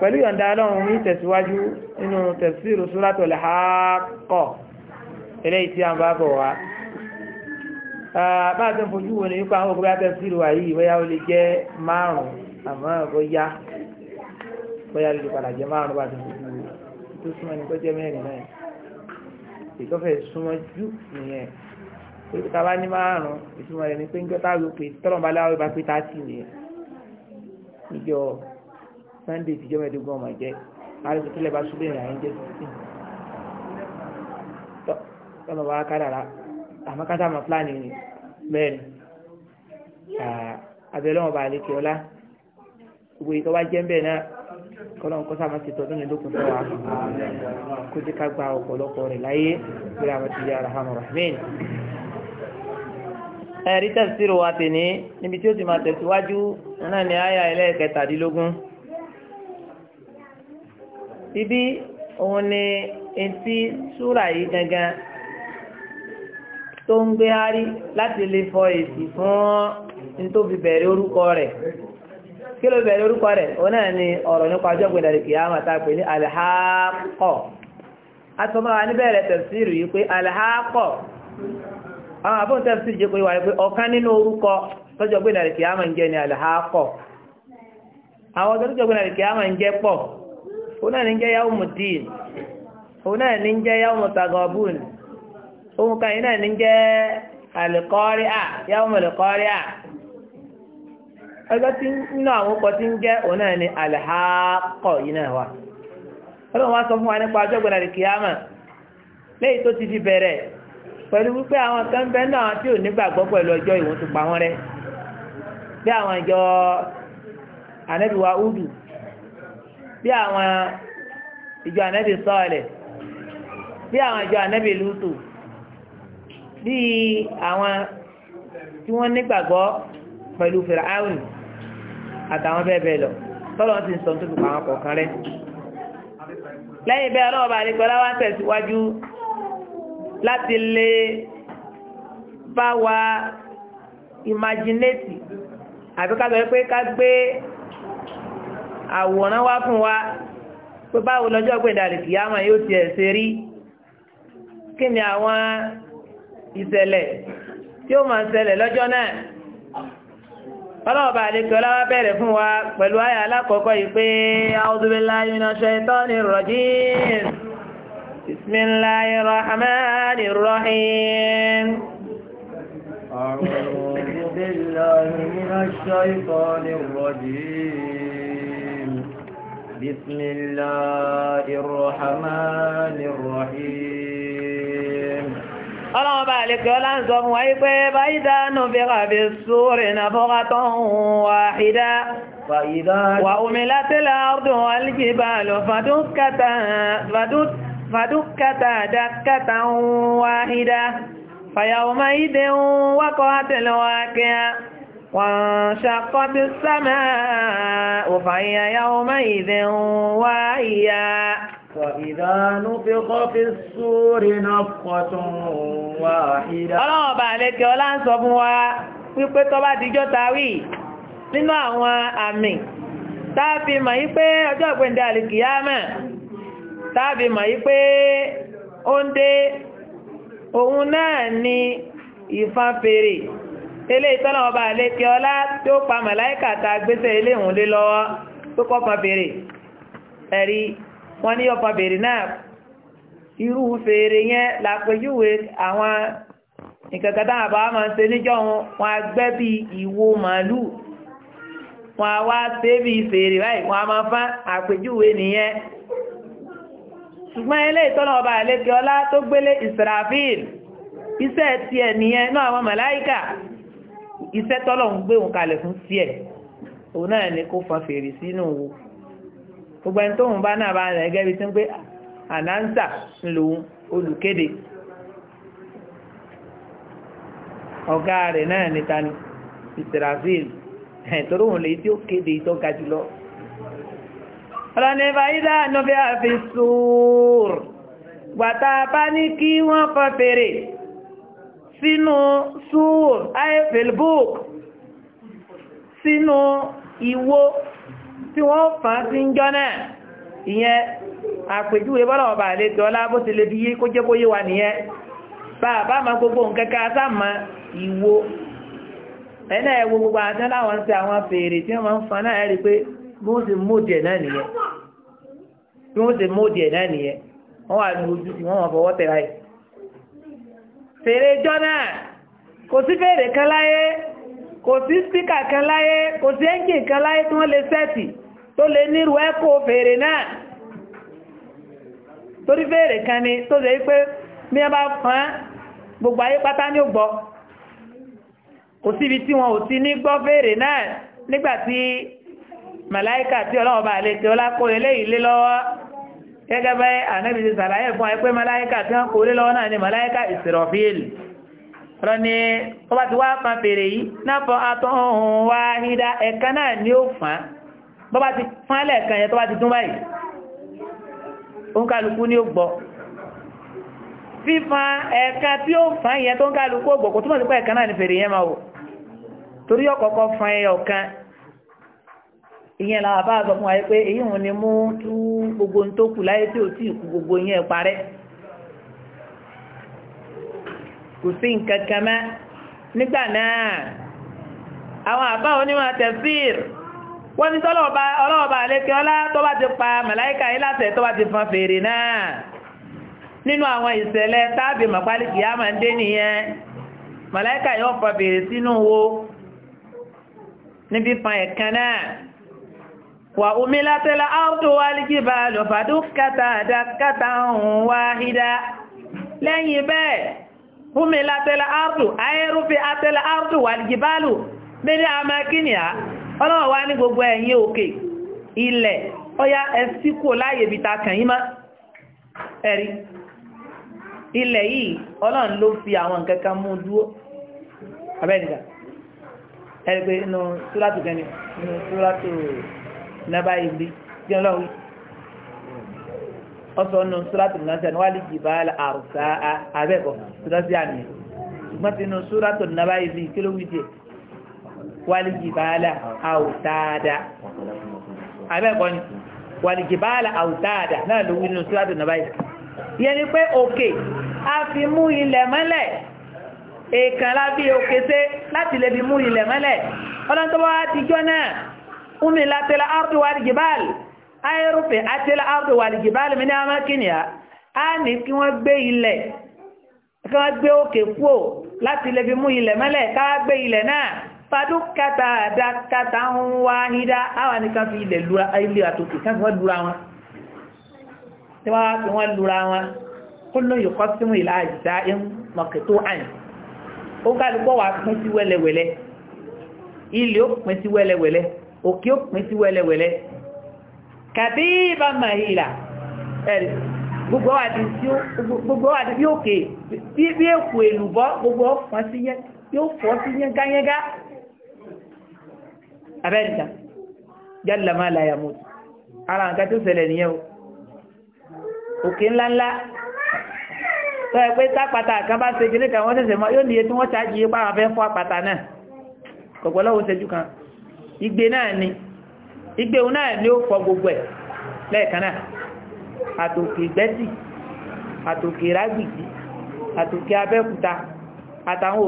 pẹ̀lú yọ̀ǹda ọlọ́run ní tẹ̀síwájú nínú tafsiru suratul Haqqa eléyìí tí a ń bá bọ̀ wá bá a tẹ́ fojú wo ni wípé àwọn òkúta tafsiru wà yìí bóyá ó lè jẹ́ márùn-ún àmọ́ bóyá bóyá lè padà jẹ́ márùn-ún bá a tẹ́ fojú wo tó súnmọ́ ni kó jẹ́ mẹ́rin náà ìtọ́fẹ́ súnmọ́ jù nìyẹn pé ká bá ní márùn-ún ìtumọ̀ rẹ̀ ni pé ń jọ́ta rò pé tọ́lọ̀ sunday ìtìjọ́ mẹ́ẹ̀ẹ́dógún ọmọ jẹ́ àrùn tó lè bá ṣubú ìrìn àyín jẹ́ sixteen tọ́lọ̀ bá kádàrá àmọ́ ká sáà mọ̀ pílánì mẹ́rin abẹ́lẹ́ wọn bá lè kí ọlá gbogbo ìtọ́ bá jẹ́ ń bẹ̀ náà kọ́lọ́n kọ́ sáà máa ṣe tọdún yẹn lókun fún wa kó jẹ́ ká gba ọ̀pọ̀lọpọ̀ rẹ̀ láyé bí a ti yà rahman rahman. ẹ̀rí tẹ̀síìrì wa tè ní níbi tí ó ti máa tẹ̀síwájú náà ni àyà ẹlẹ́ẹ̀kẹtàdínlógún. ibi òun ni etí súrà yìí gangan tó ń lati láti lè fọ èsì fún nítòfi bẹ̀rẹ̀ orúkọ rẹ̀ kí ló bẹ̀rẹ̀ orúkọ rẹ̀ òun náà ni ọ̀rọ̀ nípa ọjọ́ gbẹ̀dẹ̀ kìyàmà tá pè ní alhaakọ̀ atọ́mọ́ra níbẹ̀rẹ̀ tẹ̀síìrì yìí pé alhaakọ̀ àwọn àbọ̀n tẹ̀síìrì yìí pé wà pé ọ̀kan nínú orúkọ tọ́jọ́ gbẹ̀dẹ̀ kìyàmà ń jẹ́ ni alhaakọ̀ àwọn ọjọ́ gbẹ̀dẹ̀ kìyàmà ń jẹ́ pọ̀ òun náà ní jẹ́ Yawmuddin òun náà ní ya Yawmut Taghabun òun kan yìí náà ní jẹ́ Al-Qari'a Yawmul tí nínú àwọn ọkọ̀ tí ń jẹ́ òun náà ni al yìí náà wà ọlọ́run wá sọ fún wa nípa ọjọ́ gbọ́dọ̀ lẹ́yìn tó ti fi bẹ̀rẹ̀ pẹ̀lú wípé àwọn kan bẹ́ẹ̀ náà tí ò nígbàgbọ́ pẹ̀lú ọjọ́ ìwọ̀n tó pa wọ́n bí àwọn ìjọ anẹ́bíwá bí àwọn ìjọ ànábì sọ́ọ̀lẹ̀ bí àwọn ìjọ ànábì lùtù bí àwọn tí wọ́n nígbàgbọ́ pẹ̀lú fìràáhùn àtàwọn bẹ́ẹ̀ bẹ́ẹ̀ lọ tọ́lọ́ ti ń sọ tó fi pa àwọn kọ̀ọ̀kan rẹ̀ lẹ́yìn bẹ́ẹ̀ ọlọ́wọ́ bá nípa láwọn tẹ̀síwájú láti lè bá wa imaginate àbíkájọ pé ká gbé àwòrán wá fún wa pé báwo lọ́jọ́ pé ìdàlẹ̀ kìyàmà yóò tiẹ̀ ṣe rí kí ni àwọn ìṣẹ̀lẹ̀ tí ó máa ṣẹlẹ̀ lọ́jọ́ náà ọlọ́ọ̀bà àlekè ọlọ́wà bẹ̀rẹ̀ fún wa pẹ̀lú àyà alákọ̀ọ́kọ́ yìí pé a'udhu billahi minash shaitanir rajim bismillahir rahmanir rahim. a'udhu billahi minash shaitanir rajim. بسم الله الرحمن الرحيم الله بالك لنا زم ويبي بعيدا نبغى بالسور نبغة واحدة فإذا وأملت الأرض والجبال فدكتا فدك فدكتا دكة واحدة فيومئذ وقعت الواقعة وانشقت السماء فهي يومئذ واهية وإذا نفق في السور نفقة واحدة ọlọ́wọ́ bá lẹ́kẹ́ ọlá ń sọ fún wa wípé tó bá dijọ́ tawí nínú àwọn àmì tàbí mọ̀ yí pé ọjọ́ ìpéǹdé àlìkìyámẹ̀ tàbí mọ̀ yí pé ó ń dé òun náà ni ìfan ilé ìtọ́nà ọba àlékè ọlá tó pa màláìkà ta gbèsè ilé ìhùn lé lọ́wọ́ tó kọ́ kan fèrè ẹ̀rí wọ́n ní ọkọ̀ fèrè náà irú fèrè yẹn làpèjúwe àwọn nǹkan kan táwọn àbáwá máa ń ṣe níjọ́ wọn wọn gbẹ́ bí ìwo màálù wọn á wá ṣe bí fèrè báyìí wọn á máa fán àpèjúwe nìyẹn ṣùgbọ́n ilé ìtọ́nà ọba àlékè ọlá tó gbélé Israfil iṣẹ́ tiẹ̀ nìyẹn náà àwọn màláìkà iṣẹ́ tọ́lọ̀ ń gbé òun kalẹ̀ fún sí ẹ̀ òun náà ni kó fa fèrè sínú wo gbogbo ẹni tóun bá náà bá rẹ̀ gẹ́gẹ́ bí tí ń pé ànáńsà lòun olùkéde ọ̀gá rẹ̀ náà níta ni Israfil torí òun lè tí ó kéde ìtọ́ga jùlọ ọlọ́ni fàyídà nọ́fẹ́ àfi sùúrù gbàtà bá wọ́n fa fèrè sínú súwò ayéfèlbúk sínú ìwó tí wọ́n fà á sí ń jọ náà ìyẹn àpèjúwe bọ́lá ọba àlejò ọlá bó ti lè fi yé kó jẹ́ kó yé wa nìyẹn bàbá ma gbogbo nǹkan ká sáàmà ìwó ẹ̀nà ẹ̀wò gbogbo àti láwọn ń ṣe àwọn fèrè tí wọ́n máa ń fa náà rí pé bí wọ́n ṣe móòdì ẹ̀ náà nìyẹn bí fèrè jọ́nà kò sí fèrè kan láyé kò sí spíkà kan láyé kò sí ẹ́ńjìn kan láyé tí wọ́n lè sẹ́ẹ̀tì tó lè nírú fèrè náà torí fèrè kan ni tó lè pé gbogbo ayé pátá ní ògbọ́ kò síbi tí fèrè náà nígbà tí màláìkà tí ọlọ́wọ́ bá lè tẹ́ ọlá kó eléyìí lé gẹ́gẹ́ bẹ́ ànábì ti sàlàyé fún àìpé màláíkà tí wọ́n kò rí lọ́wọ́ náà ni màláíkà ìsìrọ̀fíìlì rọ ni ó bá ti wá fa fèrè yìí náàpọ̀ àtọ́hùn wá hídá ẹ̀ka náà ni ó fà á bọ́ bá ti fán lẹ́ẹ̀kan yẹn tó bá ti tún báyìí ó ń kálukú ní ó gbọ́ fífan ẹ̀ka tí ó fà yẹn tó ń kálukú ìyẹn làwọn bá sọ fún wa pé èyí òun ni mú tú gbogbo tó kù láyé tí ò tí ì kú gbogbo yẹn parẹ́ kò sí nǹkan kan mẹ́ nígbà náà àwọn àbá onímọ̀ tẹ̀síìr wọ́n ní tọ́lọ́ọ̀bá ọlọ́ọ̀bá àlékẹ́ ọlá tó bá ti pa màláìkà yìí látẹ̀ tó bá ti fọn fèrè náà nínú àwọn ìṣẹ̀lẹ̀ táàbì màpálìkì á máa ń dé nìyẹn màláìkà yóò fọn fèrè sínú wo níbi fan ẹ̀kan náà wà omi látẹ́lá áùtò wà lígíbà lọ fàdúkàtà àdàkàtà ọ̀hún wà hídá lẹ́yìn bẹ́ẹ̀ omi látẹ́lá áùtò ayérúfẹ́ àtẹ́lá áùtò wà lígíbà lù mẹ́rin àmàkínìyà ọlọ́wọ́ wá ní gbogbo ẹ̀yìn òkè ilẹ̀ ọya ẹ̀sí kò láyè bí ta kàn yín má ẹ̀rí ilẹ̀ yìí ọlọ́run ló fi àwọn nǹkan mú dúró abẹ́nìyà ẹ̀rí pé inú túlátù nàbà ìlú tí wọn lọ́wọ́ ọsọ nù sùràtù nàṣẹ ni wàá lè jìbá àrùsá abẹ́kọ̀ sùràtù àmì ṣùgbọ́n tí nù sùràtù nàbà ìlú kí ló wí jẹ wàá lè jìbá àwùtáàdà abẹ́kọ̀ ni wàá lè jìbá àwùtáàdà náà ló wí nù sùràtù nàbà ìlú yẹn ni pé òkè a mú ilẹ̀ mọ́lẹ̀ èèkàn lábí òkè sé láti lè fi mú ilẹ̀ mọ́lẹ̀ ọlọ́ntọ́wọ́ á náà أملت الأرض والجبال أي رفعت الأرض والجبال من أماكنها a ní kí wọ́n gbé ilẹ̀ kí wọ́n gbé òkè kúò láti lè fi mú ilẹ̀ mọ́lẹ̀ ká gbé ilẹ̀ náà fadún kàtà àdákàtà ń wá hídá àwọn nìkan fi ilẹ̀ lura ilé àtòkè kan fi wọ́n lura wọn tí wọ́n fi wọ́n lura wọn kó ló yìí kọ́ sí mú ìlà àjìdá ń mọ̀kẹ́ tó àyìn ó kálukọ́ wà pín sí wẹ́lẹ́wẹ́lẹ́ ilé ó pín sí òkè òpin sí wẹ́lẹ́wẹ́lẹ́ kàbí bá máa ìlà ẹ̀rì gbogbo wà ní bí òkè bí èkù èlùbọ́ gbogbo ọ̀fọ́ sí yẹ́gáyẹ́gá abẹ́rìta jálà máa láyà mú ara nǹkan tó ṣẹlẹ̀ nìyẹn òkè ńláńlá tó ẹgbẹ́ sápàtà kan bá ṣe kìnnìkan wọ́n ṣẹ̀ṣẹ̀ mọ́ yóò níye tí wọ́n ṣáàjì yípa àwọn afẹ́ fún àpàtà náà kọ̀pọ̀lọ́wọ́ ṣẹ́jú kan igbe náà ni igbe òun náà ni ó fọ gbogbo ẹ̀ lẹ́ẹ̀kan náà àtòkè gbẹ́sì àtòkè rágbìdì àtòkè abẹ́kúta àtàwọn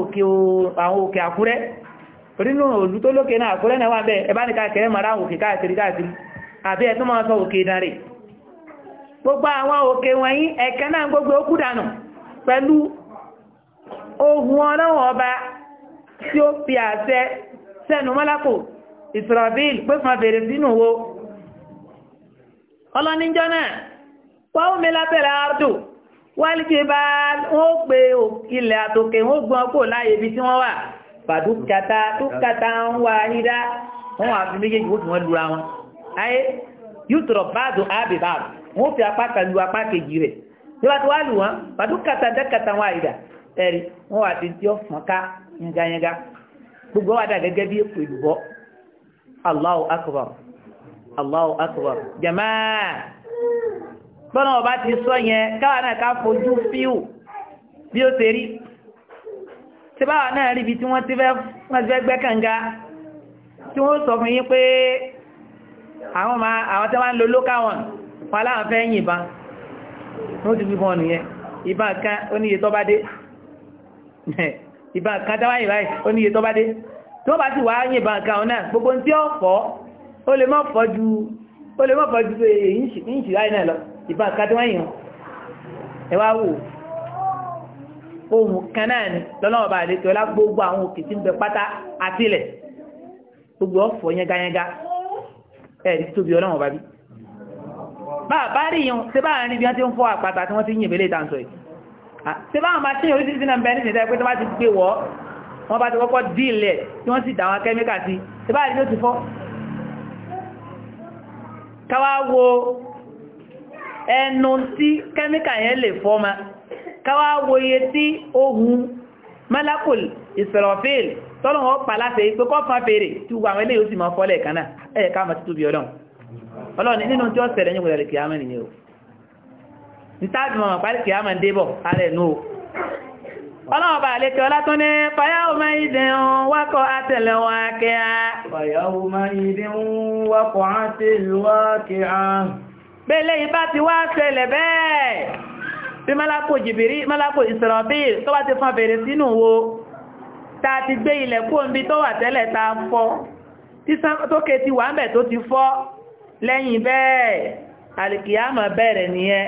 òkè àkúrẹ́ rínú òlú tó lókè náà àkúrẹ́ náà wà bẹ́ẹ̀ ẹbá ní káàkiri mara òkè káàkiri káàkiri àbí máa sọ òkè gbogbo àwọn òkè wọ̀nyí ẹ̀kẹ́ náà gbogbo ó kúdànù pẹ̀lú ohun ọba tí ó fi àṣẹ Israfil pé fún abèrè sínú wo ọlọ́níjọ́ náà pọ́wọ́ mi lábẹ́rẹ̀ àádù wálé ti bá wọ́n gbé ilẹ̀ àtòkè wọ́n gbọ́n kò láyé ibi tí wọ́n wà pàdúkàtà túkàtà ń wà hídá wọ́n wà fi méjèèjì wọ́n fi wọ́n lura wọn ayé yútọ̀rọ̀ báàdù ábì báàdù wọ́n fi apá kan lu apá kejì rẹ̀ tí wọ́n ti wá gbogbo wà dà gẹ́gẹ́ bí èkó ìlú Allahu akbar Allahu akbar jamaa bọ́nà ọba ti sọ yẹn káwà náà ká fojú fíù bí ó ṣe rí tí báwà náà rí bí tí wọ́n ti fẹ́ gbẹ́ kànga tí wọ́n sọ fún pé àwọn ma àwọn tí ń lo local one wọn fẹ́ yìnbọn wọ́n ti fi fún ọ̀nà yẹn kan tó bá ti wá yìnbọn kan náà gbogbo tí ó fọ́ ó lè mọ́ fọ́ ju ó lè mọ́ fọ́ ju ìṣì láì náà lọ ìbọn kan tí wọ́n yàn ẹ wá wò ohun kan náà ni lọ́lọ́wọ́ bá lè tọ́lá gbogbo àwọn òkè tí ń bẹ pátá àtìlẹ̀ gbogbo ọ̀fọ̀ yẹngayẹnga ẹ̀rí tóbi ọlọ́wọ́ bá bí bá rí yàn tí bá rí bí wọ́n ti ń fọ́ àpáta tí wọ́n ti yìnbẹ̀lẹ̀ ìtànsọ̀ yìí tí bá wọn bá tí yàn orí sí wọ́n bá ti kọ́kọ́ díìlẹ̀ tí wọ́n sì dáwọn kẹ́míkà sí tí bá rí ló ti fọ́ káwá wo ẹnu tí kẹ́míkà yẹn lè fọ́ ma káwá wo iye tí ohun malakul israfil tọ́lọ̀wọ́ pa láti pé kọ́ fa fèrè tí gbogbo àwọn eléyìí ó sì máa fọ́lẹ̀ kan náà ẹ̀yẹ ká máa títóbi ọlọ́run ọlọ́run nínú tí ó ṣẹlẹ̀ yíò rẹ̀ kìí àmà nìyẹn o ní táàbì mọ̀ pàrí kìí àmà débọ̀ ààrẹ nù o ọlọ́ọ̀bà àlékẹ́ ọlátún ní fàyáwó máa ìdí ń wákọ̀ àtẹ̀lẹ̀wọ̀ akẹ́á fàyáwó máa ìdí ń wákọ̀ àtẹ̀lẹ̀wọ̀ akẹ́á bẹ́lẹ̀ ìbá ti wá ṣẹlẹ̀ bẹ́ẹ̀ bí mọ́lápò jìbìrí mọ́lápò ìsìrọ̀bíl tó bá ti fọn bèèrè sínú wo ta ti gbé ilẹ̀ kóòmbi tó wà tẹ́lẹ̀ ta fọ́ tókè ti wà ń bẹ̀ tó ti fọ́ lẹ́yìn bẹ́ẹ̀ àlìkìyàmọ̀ bẹ̀rẹ̀ nìyẹn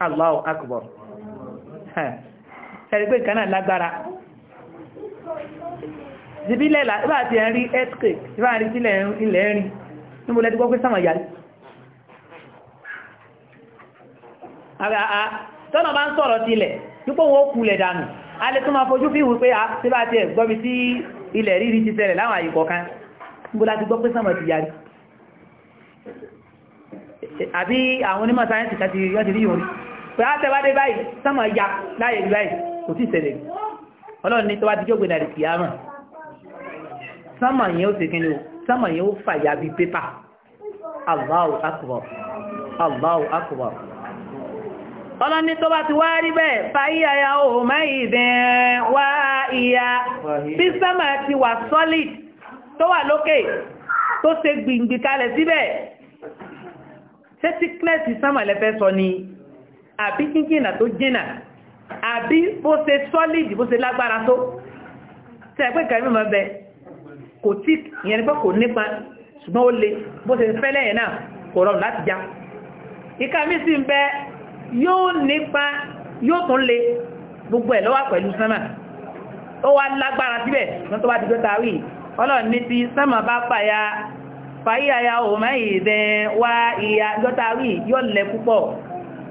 Allahu akbar ṣẹ́rí pé nǹkan lagbara lágbára ìbílẹ̀ ìbá ti ẹ̀ rí earthquake ìbá rí sílẹ̀ ilẹ̀ rí níbo lẹ́ti gbọ́ pé sáwọn yàrí tọ́nà bá ń sọ̀rọ̀ ti ilẹ̀ nípò wọ́n kulẹ̀ dànù a lè tún máa fojú fi wù pé a ti bá ti ẹ̀ gbọ́bi tí ilẹ̀ rírí ti ṣẹlẹ̀ láwọn àyíkọ̀ kan níbo láti gbọ́ pé sáwọn ti yàrí àbí àwọn onímọ̀ sáyẹ́ǹsì yọ́ ti rí yòrí pẹ̀látẹ́wádé báyìí sọ́mọ̀ ya láyé báyìí kò tí ìṣẹ̀lẹ̀ ọlọ́run ní tọ́wá díjọ́ gbẹ̀dà rìkì àmà sọ́mọ̀ yẹn ó sèkínlẹ̀ o sọ́mọ̀ yẹn ó fàyà bí pépà Allahu akbar Allahu akbar ọlọ́run ní tọ́wá ti wá rí ya ó mẹ́ ìdẹ̀ wá ìyá bí sọ́mọ̀ ti solid tó wà lókè tó ṣe gbìngbì kalẹ̀ síbẹ̀ ṣé sickness sọ́mọ̀ lẹ́fẹ́ sọ ni àbí kíkìnà tó jìnà àbí bó ṣe sọ́lìdì bó ṣe lágbára tó tẹ́ẹ̀pẹ́ kẹrì mọ́ bẹ kò tí ìyẹn ni pé kò nípa ṣùgbọ́n ó le bó ṣe fẹ́lẹ̀ yẹn náà kò rọrùn láti já ìka mi sì ń bẹ yóò nípa yóò tún le gbogbo ẹ̀ lọ́wọ́ pẹ̀lú sánmà ó wá lágbára síbẹ̀ tó bá ti gbé tàwí ọlọ́run ní ti sánmà bá fàyà fàyà ya òun mẹ́yìn ìdẹ́ wá ìyá gbọ́tàwí yóò lẹ púpọ̀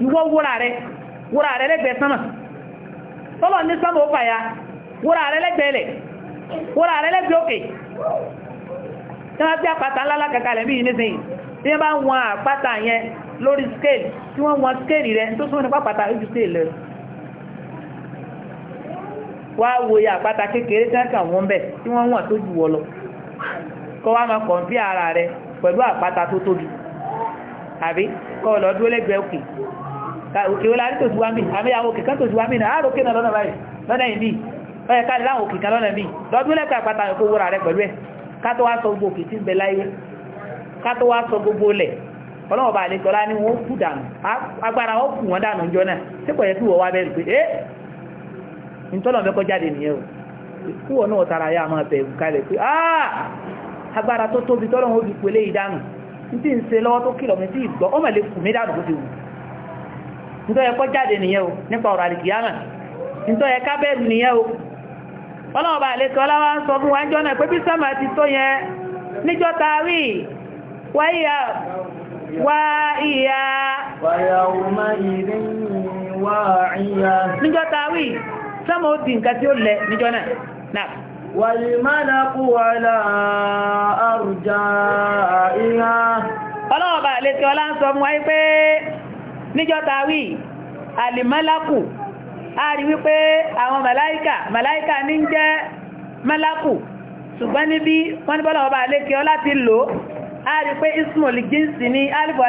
ìwọ wúra rẹ̀ wúra rẹ̀ lẹ́gbẹ̀ẹ́ sánmà sama ní sánmà ó fàyà wúra rẹ̀ lẹ́gbẹ̀ẹ́ lẹ̀ wúra rẹ̀ lẹ́gbẹ̀ẹ́ òkè tí wọ́n bí àpáta ńlá kàkàlẹ̀ bí nísìnyí tí wọ́n bá wọn àpáta yẹn lórí scale wo ya àpáta kékeré tí wọ́n kà wọ́n bẹ̀ tí wọ́n àbí kọ́ lọ dúró lẹ́gbẹ̀ẹ́ òkè òkè ó lárí tòsí wámì àmì àwọn òkè kan tòsí wámì náà àrókè náà lọ́nà báyìí lọ́nà ìmí ọyẹ káàlì láwọn òkè kan lọ́nà ìmí lọ́dún lẹ́gbẹ̀ẹ́ àpáta ẹ̀kọ́ wúra rẹ̀ pẹ̀lú ẹ̀ kátó wá sọ gbogbo òkè tí ń bẹ láyé agbára tí ń ṣe lọ́wọ́ tó kìlọ̀ mi tí ìgbọ́ ọmọ ilé kù mí dànù wù nítorí jáde nìyẹn o nípa ọ̀rọ̀ àlìkìyàmà nítorí ẹka bẹ́ẹ̀rù nìyẹn o ọlọ́wọ́ bá sọ fún pé ti tó níjọ́ والملك على أرجائها ọlọ́ọ̀bà àlẹ́tí ọlá ń sọ mú wáyé pé níjọta wí alìmọ́lákù a rí wípé àwọn màláíkà màláíkà ní jẹ́ mọ́lákù ṣùgbọ́n níbi wọ́n ní bọ́lọ̀ọ̀bà àlẹ́tí ọlá ti lò a rí pé ismol jínsì ní alìbọ̀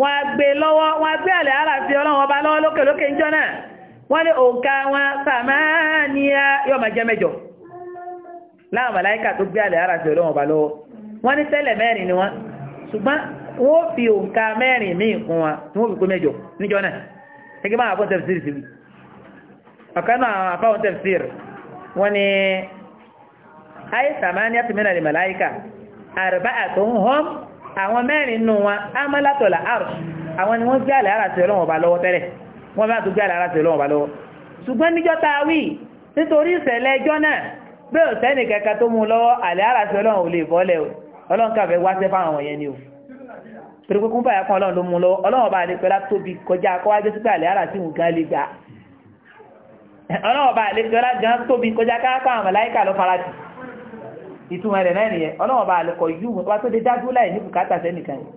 wọ́n á gbé lọ́wọ́ wọ́n á gbé àlẹ́ ara fi ọlọ́run ọba lọ́wọ́ lókè lókè níjọ́ náà wọ́n ní òǹkà wọn sàmáníà yóò máa jẹ́ mẹ́jọ láwọn màláìkà tó gbé àlẹ́ ara fi ọlọ́run ọba lọ́wọ́ wọ́n ní tẹ́lẹ̀ mẹ́rin ni wọ́n ṣùgbọ́n wọ́n fi òǹkà mẹ́rin míì kún wọn tí wọ́n fi kó mẹ́jọ níjọ́ náà gẹ́gẹ́ bá àfọ́n tẹ̀síìrì sí ọ̀kan wọ́n àwọn mẹ́rin nù wọn amọ́látọ̀lá arsh àwọn ni wọ́n gbé àlẹ́ ara ti ọlọ́wọ̀n ọba lọ́wọ́ tẹ́lẹ̀ wọ́n bá tún gbé àlẹ́ ara ti ọlọ́wọ̀n ọba lọ́wọ́ ṣùgbọ́n níjọ́ ta wí nítorí ìṣẹ̀lẹ̀ ẹjọ́ náà bí ò sẹ́ni kẹka tó mú lọ́wọ́ àlẹ́ ara ti ọlọ́wọ̀n ò lè bọ́lẹ̀ o ọlọ́run kàfẹ́ wá sẹ́fà àwọn yẹn ni o torí pé kúńpà ìtumọ̀ rẹ̀ náà nìyẹn ọlọ́wọ́n bá àlẹ́kọ̀ yú wa tó dé dájú láì ní bùkátà sẹ́nìkan yìí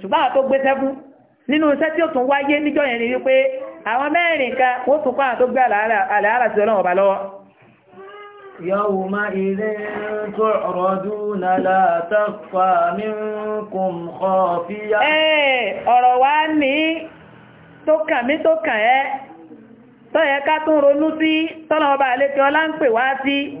ṣùgbọ́n àwọn tó gbé sẹ́fún nínú iṣẹ́ tí ó tún wáyé níjọ́ yẹn ni wípé àwọn mẹ́rin kan ó tún kọ́ àwọn tó gbé ara sí bá lọ́wọ́. ọ̀rọ̀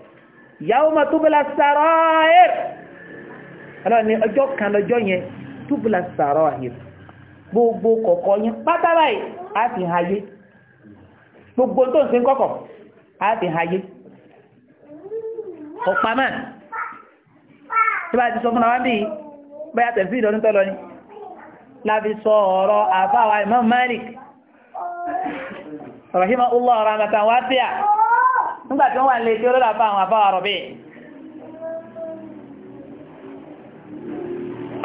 yawma tubla sarair ọlọ́run ní ọjọ́ kan lọ́jọ́ yẹn tubla sarair gbogbo kọ̀kọ̀ yẹn pátá báyìí á fi hayé gbogbo tó ń sin kọ̀kọ̀ á fi hayé ọ̀pamọ́ tí bá ti sọ fún wa bí bẹ́ẹ̀ tẹ̀sí ìdọ́nú tọ́lọ ni láti sọ ọ̀rọ̀ àfáwà Imam Malik rahimahullah rahmatan wasi'a nígbà tí wọ́n wà nílé tí ó lọ́la fún àwọn àbáwà rọ̀bí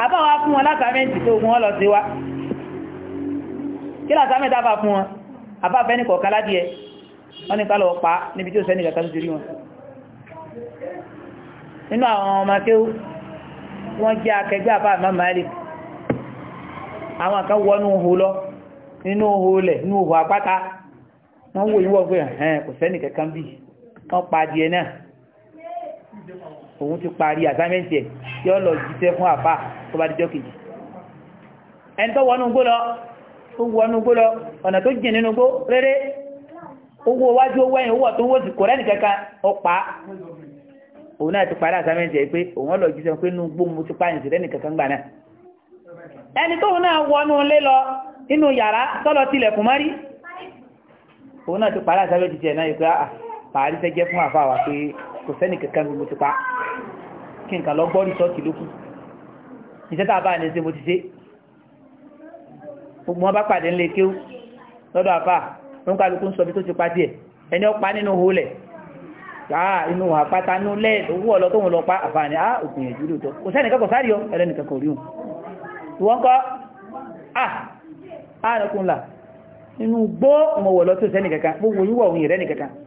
àbáwà fún wọn látàmẹ́ntì tó ogun ọlọ́ sí wá kí látàmẹ́ntì àbá fún wọn àbá fẹ́ ní kọ̀ọ̀kan ládìẹ wọ́n ní kálọ̀ pa níbi tí ó sẹ́ni ìgbàkan sí rí wọn nínú àwọn ọmọ kéwú wọ́n jẹ́ akẹgbẹ́ àbá àmàmàálì àwọn kan wọnú hù lọ nínú hù lẹ̀ nínú hù àpáta wọ́n wò yíwọ́ pé wọ́n pa adìẹ náà òun ti parí assignment ẹ̀ tí ó lọ jíṣẹ́ fún àfà tó bá dijọ́ kejì ẹni tó wọnú gbó lọ ó wọnú gbó lọ ọ̀nà tó jìn nínú gbó rere owó wájú owó ẹ̀yìn owó ọ̀tún owó sì kò rẹ́nì kankan ó pa òun náà ti parí assignment ẹ̀ pé òun lọ jíṣẹ́ pé nínú gbó mo ti pààyàn sí rẹ́nì kankan gbà náà fàárí tẹ́jẹ́ fún àfáwà pé kò sẹ́nì kankan mi mo ti pa kí nǹkan lọ gbọ́ rìsọ́ọ̀tì lókù iṣẹ́ tá a bá ní ṣe mo ti ṣe gbogbo bá pàdé ńlẹ̀ kéwú lọ́dọ̀ àfà ló ń kálukú ń sọ bí tó ti pa díẹ̀ ẹni ọ̀pá nínú hólẹ̀ yàrá ah, inú àpáta inú lẹ́ẹ̀ owó ọ̀lọ́ tóun lọ pa àfààní á òkùn yẹn jùlọ tó kò sẹ́nì kankan sáré ọ ẹlẹ́nì kankan rí ah ah nínú gbó ọmọ wọ̀ lọ tó sẹ́nì kankan gbogbo yíwọ̀ òun yẹ̀rẹ́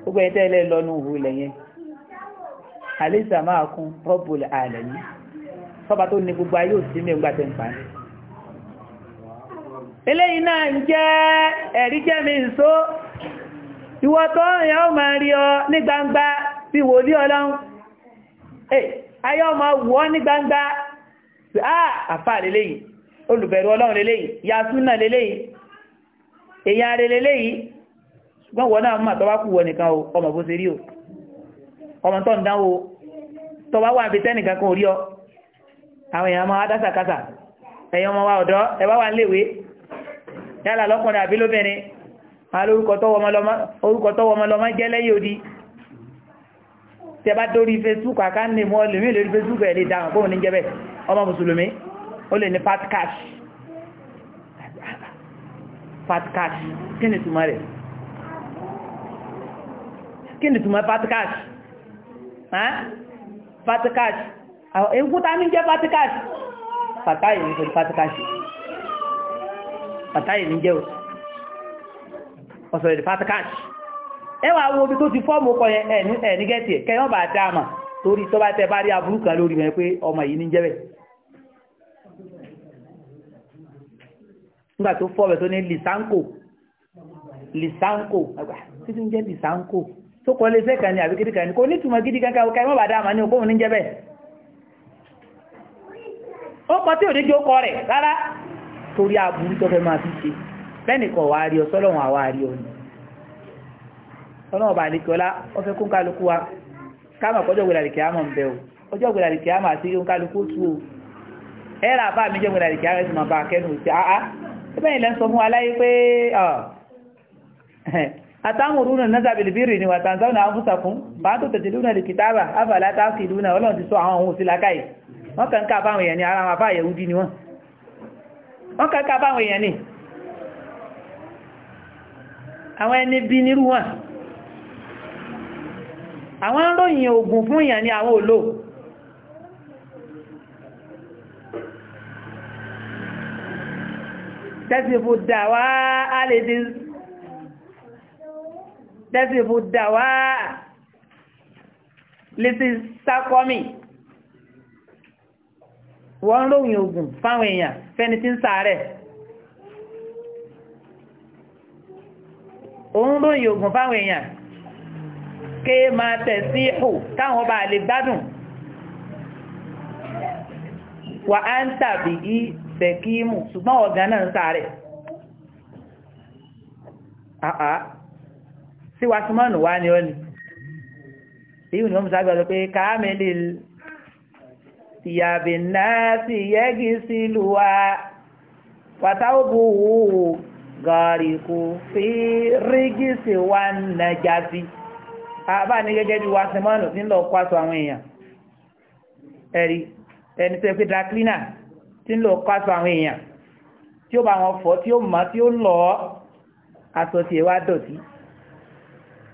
gbogbo ẹ̀ tẹ́lẹ̀ lọ́nu òwú ilẹ̀ yẹn àlẹ́sà máa kún rọ́bùl àlẹ́ yìí sọ́ba tó ní gbogbo ayé òsì ní ìgbà tẹ̀ ń pa eléyìí náà ń jẹ́ ẹ̀rí jẹ́ mi nsó ìwọ tó ń ó máa rí ọ ní gbangba bí ọlọ́run ayé ọmọ ní gbangba ah, àfà lélẹ́yìí olùbẹ̀rù ọlọ́run lélẹ́yìí èèyàn ṣùgbọ́n wọ́n náà mọ̀ tọ́wá kù wọ nìkan o ọmọ bó ṣe rí o ọmọ tó ń dán o tọ́wá wà bí tẹ́nìkan kan ò rí ọ àwọn èèyàn máa dásàkásà ẹ̀yin ọmọ wa ọ̀dọ́ ẹ bá wà léwe yálà lọ́kùnrin àbí lóbìnrin orúkọ tọ́wọ́ ọmọ lọ́mọ jẹ́ lẹ́yìn odi tí ẹ bá dórí facebook àkáńdì mọ́ lèmi lórí facebook ẹ̀ lè dáhùn kóhùn ní jẹ́bẹ̀ ọmọ mùsùlùmí ó lè ní fat cash fat cash kí ni túmọ̀ rẹ̀ kí ni túnmọ̀ vatican vatican ewu ta ní fat vatican pàtàyè ní pẹ̀lú vatican pàtàyè ní jẹ́ o ọ̀sọ̀rọ̀ vatican ẹ wà wo ibi tó ti fọ́ọ̀mù ọkọ̀ yẹn ẹ̀ ní get ẹ̀ kẹ́yàn bá dá àmà torí tó bá tẹ bá rí aburú kan lórí mẹ́ pé ọmọ yìí ní jẹ́bẹ̀ nígbà tó fọ́ọ̀bẹ̀ tó ní lisanko lisanko títí ń jẹ́ lisanko tó kọ́ lé sẹ́kàn ní àbí kíríkà ní kò ní túnmọ̀ gidi kankan ọkà ìmọ̀ bàdá àmà ní okóhun ní jẹ́bẹ̀ ó kọ́ tí ò ní jẹ́ ókọ rẹ̀ rárá torí aburú tó fẹ́ máa fi ṣe bẹ́nìkọ̀ wà ọ sọ́lọ́run àwà rí ọ ni ọlọ́run bà ní kíọlá ó fẹ́ kún kálukú wa káàmà kọjọ́ gbèrà lè kíámà ń bẹ o ọjọ́ gbèrà lè kíámà àti kún kálukú tú o ẹ rà bá mi jẹ́ gbèrà lè kíámà ẹ̀sìn máa bá kẹ́nu sí àá ẹgbẹ́ ìlẹ́ atamuruna nasa bilibiri ni watanzauna anfusakum fàátò tẹ̀tẹ̀lúnà lè kìtàbà afàlá tààkìlúnà ọlọ́run ti sọ àwọn ohun sí lákàí wọ́n kàn ká báwọn èèyàn ni ara wọn fàyẹ̀wú dí ni wọ́n wọ́n kàn ká báwọn èèyàn ni àwọn ẹni bí nírú wọn àwọn ròyìn ogun fún èèyàn ni àwọn olóò tẹ́sí fún dàwà tẹ́sìfù dàwà létí sákọ́mì wọ́n ń ròyìn oògùn fáwọn èèyàn fẹ́ni tí ń ṣàárẹ̀ òun ròyìn oògùn fáwọn èèyàn ké máa tẹ̀ sí ìhù káwọn bá lè gbádùn wà á ń tàbí í bẹ̀kímù ṣùgbọ́n ọ̀gá náà ń ṣàárẹ̀ sí wasumanu wá ní ọ́nì èyí ni wọ́n mú sábẹ́ ọ̀sọ̀ pé káàmìlì ìyàbì náà sì yẹ́gi sí lùwà pàtàkù wù gàríkù fi rígìsì wà nàjàbí àbá ní gẹ́gẹ́ bí wasumanu nílò kwásọ àwọn èèyàn ẹ̀rí ẹni tó fi dàklínà tí ń lò kwásọ àwọn èèyàn tí ó bá wọn fọ tí ó mọ tí ó lọ aṣọ tí wá dọ̀tí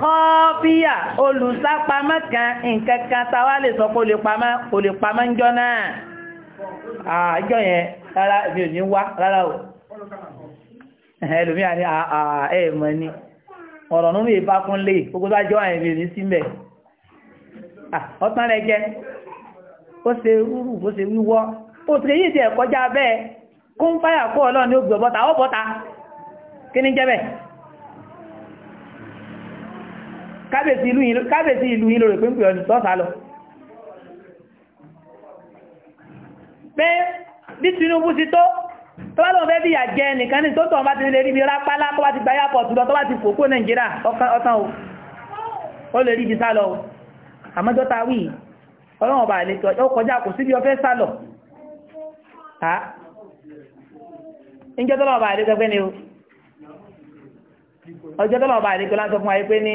kọ́fíà olùsápamọ́ kan nǹkan kan táwa lè sọ pé olùpamọ́ olùpamọ́ ń jọ náà àjọ yẹn rárá mi ò ní wá rárá o ẹlòmí àní ẹ̀ẹ̀mọ̀ ni ọ̀rọ̀ nínú ìbá fún lè gbogbo bá jọ àìrí rí sí mẹ́ ọ̀tán rẹ jẹ́ ó ṣe rúrù bó ṣe wíwọ́ ó ti yìí ti ẹ̀kọjá bẹ́ẹ̀ kún fáyà kó ọlọ́ni ó gbẹ̀bọ́ta ó bọ́ta kí ní jẹ́ bẹ́ẹ̀ kábèsí ìlú yìí lórí pínpín ọ̀nì tọ́sà lọ pé bí Tinubu sí tó tó bá lọ fẹ́ bí àjẹ́ nìkan ní tó tọ̀ bá ti lè rí bí rápálá tó bá ti gbáyà pọ̀ tùlọ tó bá ti fòkó Nàìjíríà ọ̀tán o ó lè rí bí o àmọ́jọ́ta wí ọlọ́wọ̀n bá lè tọ́ kọjá kò sí bí ọ fẹ́ sálọ ìjọ tọ́lọ̀ bá lè o ọjọ́ tọ́lọ̀ bá lè tọ́ fún ayé pé ní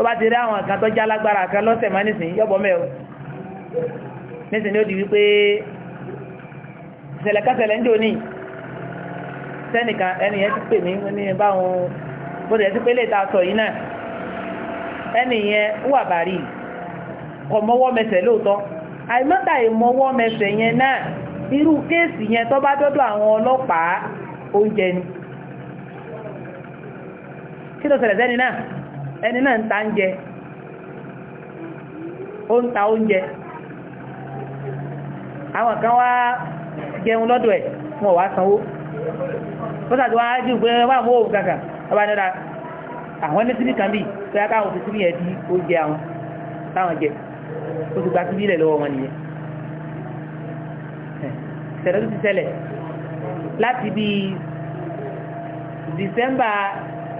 tó bá ti rí àwọn kan tó já lágbára kan lọ́sẹ̀ máa nísìnyí yọ̀bọ̀ mẹ́ o nísìnyí ó di wípé ìṣẹ̀lẹ̀ kásẹ̀lẹ̀ ń jò ní sẹ́nìkan ẹni yẹn ti pè mí ní báwọn bóde yẹn ti pé lè ta sọ yìí náà ẹni yẹn wà bàrí kọ̀ mọ́wọ́ mẹsẹ̀ lóòótọ́ àìmọ́ta ìmọ́wọ́ mẹsẹ̀ yẹn náà irú kéèsì yẹn tó bá dọ́dọ̀ àwọn ọlọ́pàá oúnjẹ ni kí ló ṣẹlẹ̀ sẹ́ni náà ẹni náà ń ta oúnjẹ ó ń ta oúnjẹ àwọn kan wá jẹun lọ́dọ̀ ẹ̀ wọn wá sanwó ó sàtí wá jù pé wà mú òun kankan ọba nira àwọn ní síbí kan bí pé akáwọn fi síbí di oúnjẹ àwọn táwọn jẹ ó ti gba síbí ilẹ̀ lọ́wọ́ wọn nìyẹn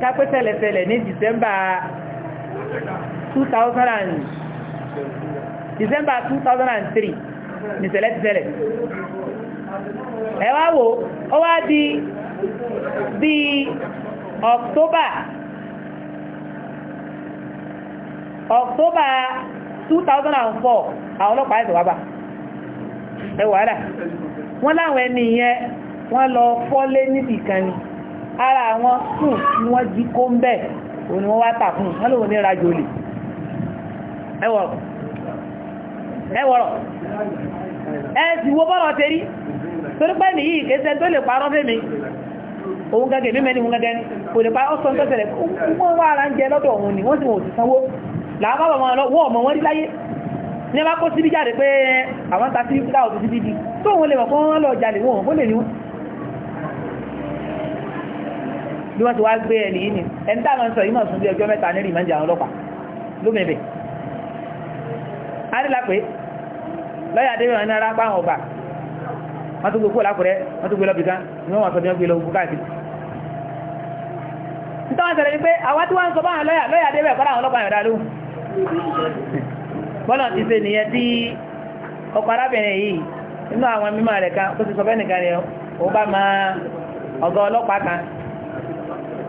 kápẹ́ tẹ́lẹ̀tẹ́lẹ̀ ní 2003 nìṣẹ̀lẹ̀ wo ó di bí 2004 àwọn ọlọ́pàá ẹ̀sọ̀ wá bá ẹ wọ́n láwọn ẹni yẹn wọ́n lọ ara àwọn fún ni wọ́n jí kó ń bẹ̀ òun ni wọ́n wá tà fún wọ́n lòun ní rajo lè ẹwọ̀rọ̀ ẹwọ̀rọ̀ ẹ sì wo bọ́rọ̀ tẹ́rí torí pẹ́ nìyí ìkéṣẹ́ tó lè parọ́ fẹ́ mi òun gẹ́gẹ́ mímẹ́ ni òun gẹ́gẹ́ ní kò lè pa ọ́sọ́ tó tẹ̀lẹ̀ wọ́n wá ara ń jẹ lọ́dọ̀ òun ni wọ́n sì wọ́n ti sanwó làwọn bàbá wọn bí wọ́n ti wá gbé ẹni yìí ni ẹni táwọn ń sọ yìí mọ̀ sún bí ọjọ́ mẹ́ta ní rìmọ́ǹdì àwọn ọlọ́pàá ló mẹ́bẹ̀ adìlá lọ́yà dé wọn ọba wọ́n àwọn tí wọ́n sọ báwọn lọ́yà lọ́yà dé àwọn ọlọ́pàá yọ̀dá bọ́lọ̀ ti nìyẹn tí ọkọ̀ arábìnrin yìí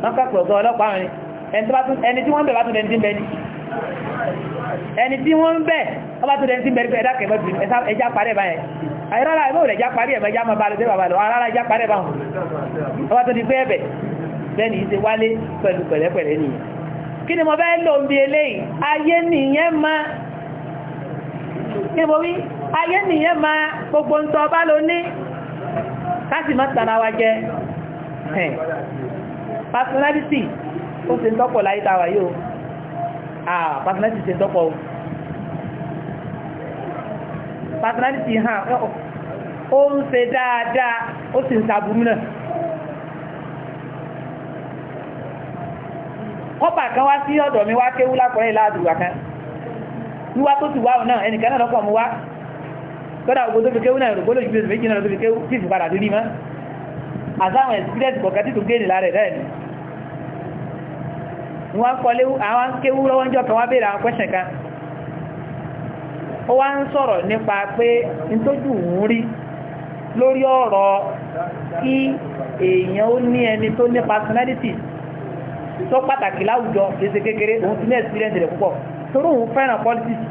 wọ́n kà pẹ̀lú ọlọ́pàá rìn ẹni tí wọ́n bẹ̀ bá tún lẹ́ni tí ń bẹ ní ẹni tí wọ́n ń bẹ̀ ọba tó lẹ́ni tí ń bẹ ní ẹ̀dá kẹfẹ́ bí ẹjá parí ẹ̀bá yẹn ayọ́rọ́lá ẹ̀mọ́ ìrẹ̀já parí ẹ̀mọ́ ẹjá máa bá lọ́dẹ́ bàbá lọ arára ẹjá parí ẹ̀bá hùn ọba tó ti pé ẹ̀bẹ̀ bẹ́ẹ̀ni ìṣe wálé pẹ̀lú pẹ̀lẹ́pẹ̀lẹ́ nìyẹn kí ni mo fẹ́ lò ń bi eléyìí ayé nìyẹn máa gbogbo ń tọ́ bá lo ní ká sì má tara personality o se ń a láyé tàwà yóò ah personality se ń o personality ha o n se dáadáa ó sì ń sàbúrú náà kọ́pà kan wá sí ọ̀dọ̀ mi wá kéwú lápọ̀rẹ́ ìlàdùgbà kan wíwá tó ti wá ọ̀ ẹnìkan náà lọ́kọ̀ mú wá kọ́dà ògbó tó fi kéwú náà rògbó lójú méjì náà fi kéwú tó ní mọ́ àtàwọn experience kọ̀ọ̀kan títún gẹ́ẹ̀nì lára ẹ̀ rẹ̀ ni wọ́n kọlé àwọn kéwú lọ́wọ́ jọ kan wá bèèrè àwọn question kan ó wá ń sọ̀rọ̀ nípa pé n tójú òun rí lórí ọ̀rọ̀ kí èèyàn ó ní ẹni tó ní personality tó pàtàkì láwùjọ kése kékeré òun ti ní experience rẹ̀ púpọ̀ torí òun fẹ́ràn politics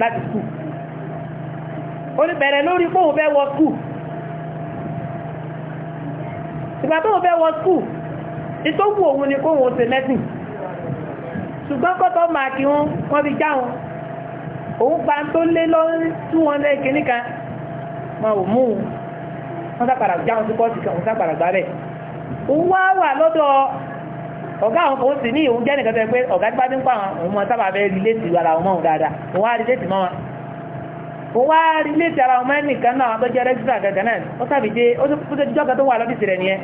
láti school ó ní bẹ̀rẹ̀ lórí pé òun fẹ́ wọ school ìgbà tó fẹ́ wọ skúù ìtòkù òun ni kó wọn ṣe lẹ́sìn ṣùgbọ́n kọ́tọ́ máa kí wọn wọ́n fi já wọn òun gba tó lé lọ́rí tí kìíní kan ma ò mú un wọ́n kan òun sápàdà gbá bẹ́ẹ̀ òun wá kan ó sì ní òun jẹ́ nìkan tó yẹ pé ọ̀gá tí bá ti ń pa àwọn òun mọ sábà bẹ́ẹ̀ rí létí ara wọn mọ́ mo wá rí léètì ara ọmọ ẹnìkan náà tó jẹ́ rẹ́gísítà gẹ̀gẹ̀ náà ó sàbí dé ó tó tó jọ́gà tó wà lọ́fíìsì rẹ̀ nìyẹn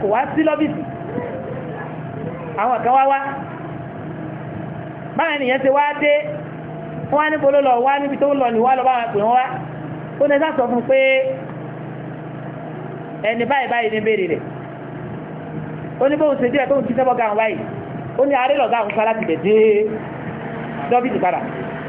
kò wá sí lọ́fíìsì àwọn kan wá wá báyìí nìyẹn ti wá dé wọ́n ní bolo lọ wá níbi tó lọ níwá lọ báwọn pè wọ́n wá ó ní sáà sọ fún pé ẹni báyìí báyìí ní béèrè rẹ̀ ó ní bóun ṣe díẹ̀ tóun ti sẹ́bọ̀ gáhùn báyìí ó ní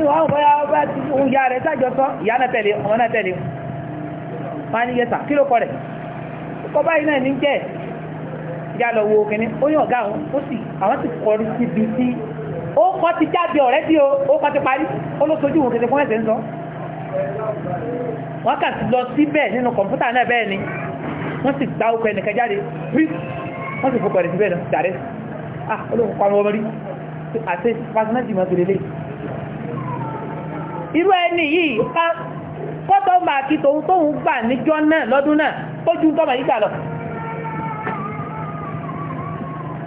wọ́n bọ́ ya ọba ti ohun ya rẹ̀ sájọ sọ ìyá náà tẹ̀lé ọmọ náà tẹ̀lé wọ́n ní yẹsà kí ló kọ rẹ̀ kọ́ báyìí náà ní jẹ́ ìyá lọ wo kìnní ó ní ọ̀gá àwọn ó sì àwọn ti kọ rí síbi tí ó kọ́ ti jáde ọ̀rẹ́ tí ó kọ́ ti parí ó ló sojú òun kìnní fún ẹ̀sẹ̀ ń sọ wọ́n kà sí lọ nínú kọ̀ǹpútà náà bẹ́ẹ̀ ni wọ́n sì gba okọ̀ ẹnìkan irú ẹni yìí ká kọ́tọ̀ máa kí tòun tóun gbà níjọ́ náà lọ́dún náà tó ju tọ́mà yìí lọ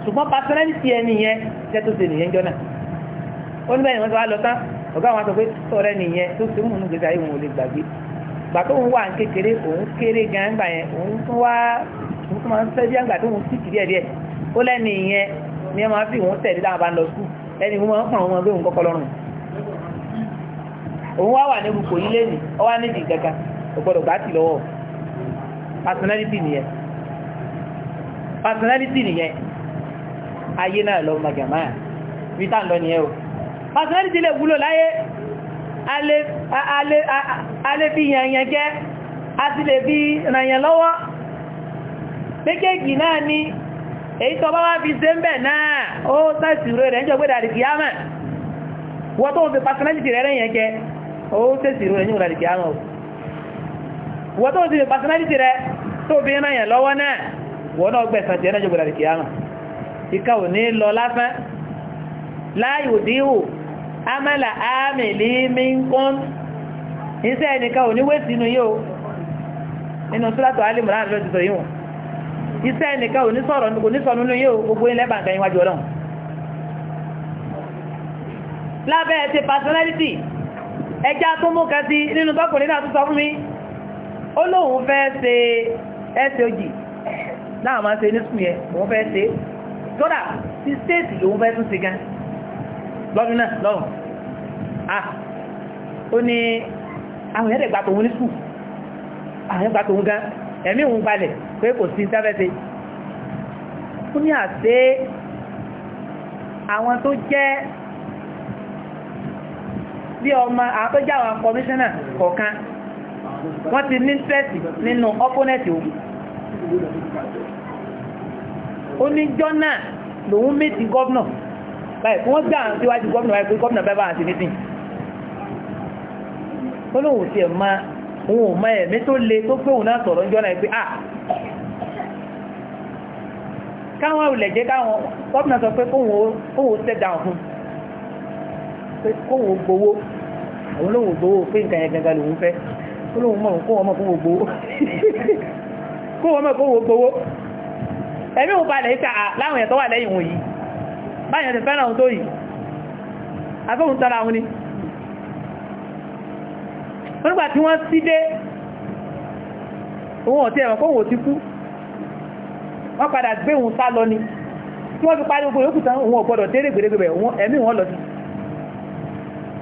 ṣùgbọ́n pásánẹ́lìtì ẹni yẹn jẹ́ tó ṣe nìyẹn jọ náà ó ní bẹ́ẹ̀ ni wọ́n wá lọ ọ̀gá àwọn sọ tọ́rẹ́ nìyẹn tó ṣe múnú òun wá wà níbi kò nílé ní ọwá níbi ìgbẹ̀ka ọ̀gbọ́dọ̀ gbà tì lọ́wọ́ personality nìyẹn personality nìyẹn ayé náà lọ magama rita lọ nìyẹn o personality lè wúlò láyé a lè fi yànyàn jẹ́ a sì lè fi ràyàn lọ́wọ́ náà ni èyí tó bá wá fi ṣe ń bẹ̀ náà ó sáìsì rẹ̀ ń jọ gbé dàrí wọ́n tó ó tẹ̀sí ìrú ẹ̀yìn ìrọ̀lẹ̀ kìí àmọ̀ wọ́n tó ti personality rẹ tó bí ẹ̀nà yẹn lọ́wọ́ náà wọ́n náà gbẹ̀sán jẹ́ ẹ̀nàjọ́ ìrọ̀lẹ̀ kìí àmọ̀ ìka ò ní lọ lásán láyò díhù amẹ́là àmì lè mí kún iṣẹ́ ẹnìkan ò ní wéṣì inú yóò nínú sílátọ̀ alìmọ̀lá àjọ́ ti sọ yíwọ̀n iṣẹ́ ẹnìkan ò ní sọ̀rọ̀ kò ní sọ̀rọ̀ nínú yóò gbogbo ilẹ̀ bàǹkà yíwájú ọlọ́run lábẹ́ ti personality ẹjá tó mú kẹ sí nínú tọ́kùnrin náà tó sọ fún mi ó lóun fẹ́ ṣe ẹsẹ̀ òjì náà máa ṣe ní sùn yẹn òun fẹ́ ṣe kódà ti stéètì lòun fẹ́ tún ṣe gan lọ́dún náà lọ́rùn ah ó ní àwọn èèyàn dẹ̀gbà tòun ní sùn àwọn èèyàn gbà tòun gan ẹ̀mí òun balẹ̀ pé kò sí sáfẹ́sẹ̀ àwọn tó jẹ́ bí ọmọ àwọn tó jáwà kọmíṣánná kọ̀ọ̀kan wọ́n ti ní tẹ́ẹ̀tì nínú ọ́pọ́nẹ́tì òun oníjọ́ náà lòun méjì gọ́ọ̀nà báyìí wọ́n gbà síwájú gọ́ọ̀nà báyìí pé gọ́ọ̀nà bẹ́ẹ̀ àti nítìn ó lóun ti ẹ̀ máa òun ẹ̀mí tó le tó pé òun náà sọ̀rọ̀ down pé kóhùn gbowó òun lóhùn gbowó pé nǹkan yẹn gangan lòun fẹ́ ó mọ̀ kóhùn mọ̀ kóhùn gbowó kóhùn mọ̀ kóhùn gbowó ẹ̀mí òun balẹ̀ ìta láwọn èèyàn wà lẹ́yìn òun yìí báyìí ti fẹ́ràn òun tó yìí afẹ́hùn tara òun ni wọ́n nígbà tí wọ́n sí dé òun ọ̀tí ẹ̀wọ̀n kóhùn ti kú wọ́n padà gbé òun sá lọ ni tí wọ́n fi parí ogun yókù tán òun ọ̀gbọ́dọ̀ tẹ́rẹ̀ gbèrègbè ẹ̀mí wọn lọ sí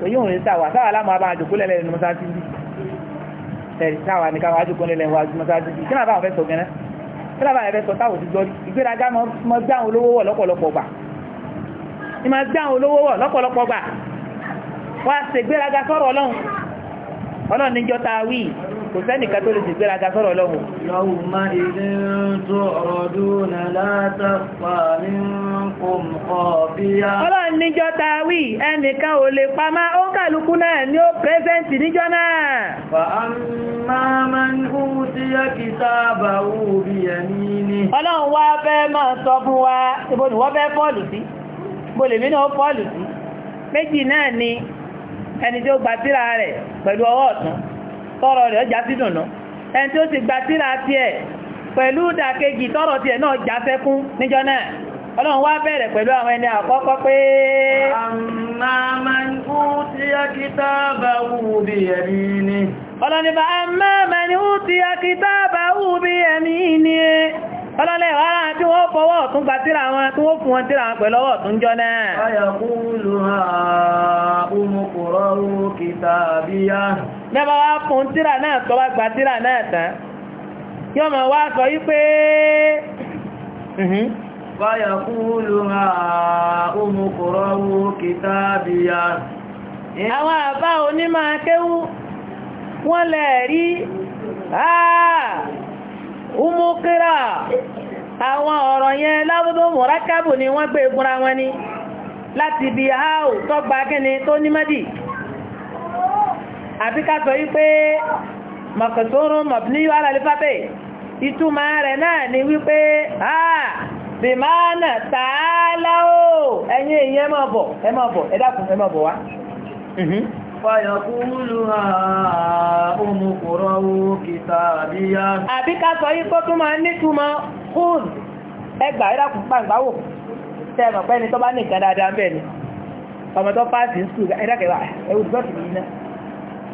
kò yóò rí sáwà sáwà láàmú abá àjòkó lẹ́lẹ́ nínú mọ́sáàtì bí ẹ̀rí sáwà ní káwà àjòkó lẹ́lẹ́ wà nínú mọ́sáàtì bí kí náà báwọn fẹ́ sọ gẹ́nẹ́ kí náà báwọn fẹ́ sọ táwọn ti gbọ́rí ìgbéraga mọ́ gbá àwọn olówó wọ̀ lọ́pọ̀lọpọ̀ gbà ni máa gbá àwọn olówó wọ̀ lọ́pọ̀lọpọ̀ kò sẹ́nìkan tó lè sì gbéraga sọ́rọ̀ ọlọ́run. yawma ọlọ́run níjọ́ ta wí ẹnìkan ò lè pamá ó kàlùkù náà ní ó pẹ́sẹ́ǹtì níjọ́ náà. fa máa sọ fún wa ibo ni wọ́n fẹ́ fọ́ọ̀lù ni ẹni tí ó gbà tírà rẹ̀ tọ́rọ rẹ̀ já sí dùnú ẹni tí ó sì gba tíra tiẹ̀ pẹ̀lú ìdàkejì tọ́rọ tiẹ̀ náà já fẹ́kún níjọ́ náà ọlọ́run wá bẹ̀rẹ̀ pẹ̀lú àwọn ẹni àkọ́kọ́ pé ọlọ́ni bá ni ó ti akítà bá wù bí ẹ̀mí ní ọlọ́lẹ̀ tí wọ́n fọwọ́ ọ̀tún gba tíra wọn tí wọ́n fún wọn tíra wọn ọ̀tún jọ náà kìtàbíyà dábàá wá fún tíra náà tó gba tíra náà tán wá sọ yí pé àwọn àbá onímọ̀ akéwú wọ́n lè rí àà umukira àwọn ọ̀rọ̀ yẹn lábúdó mọ̀rákábù ni wọ́n gbé gúnra wọn ni láti bí háù tọ́gbà kíni tó àti ká sọ yí pé mọ̀kàtóró mọ̀bíní wàhálà lè fàtẹ̀ ìtumọ̀ rẹ̀ náà ni wípé ha bí máa nà tààlà ó ẹ̀yìn èyí ẹ máa bọ̀ ẹ máa bọ̀ ẹ dákun ẹ máa bọ̀ wá. Fàyàkúlù ha òmùkùrọ̀ ó kìtà àbíyá. Àbí ká sọ ni ọmọ tó pàṣẹ ń sùn ẹ dákẹ́wà yìí náà.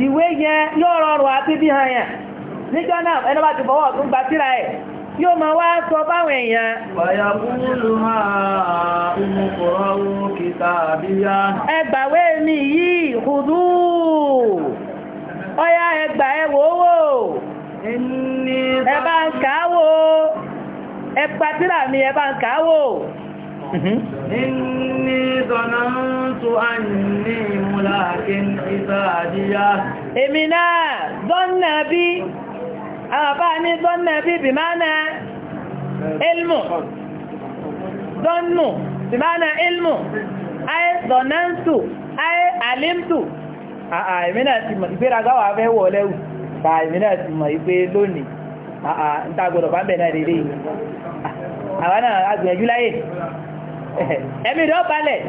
ìwé yẹn yóò rọrùn àti bí hàn yẹn níjọ́ náà ẹni bá ti fọwọ́ ọ̀tún gba síra ẹ̀ yóò máa wá sọ báwọn èèyàn. ẹgbàwé mi yìí kùdú ọyá ẹgbà ẹwò ẹbá ń kàáwò ẹgbàtíra mi ẹbá ń kàáwò. Mm-hmm. inni zanantu anni mulakin isadiya èmi náà dọ́nà bí adịghị ní Emina bí bị máa na ilmù dọ́nù bí na zanantu alimtu àà èmi náà ti mọ̀ ìgbéraga wà fẹ́ wọ̀ lẹ́wù bá èmi náà ti mọ̀ ìgbé lónìí ẹ̀mí rẹ̀ balẹ̀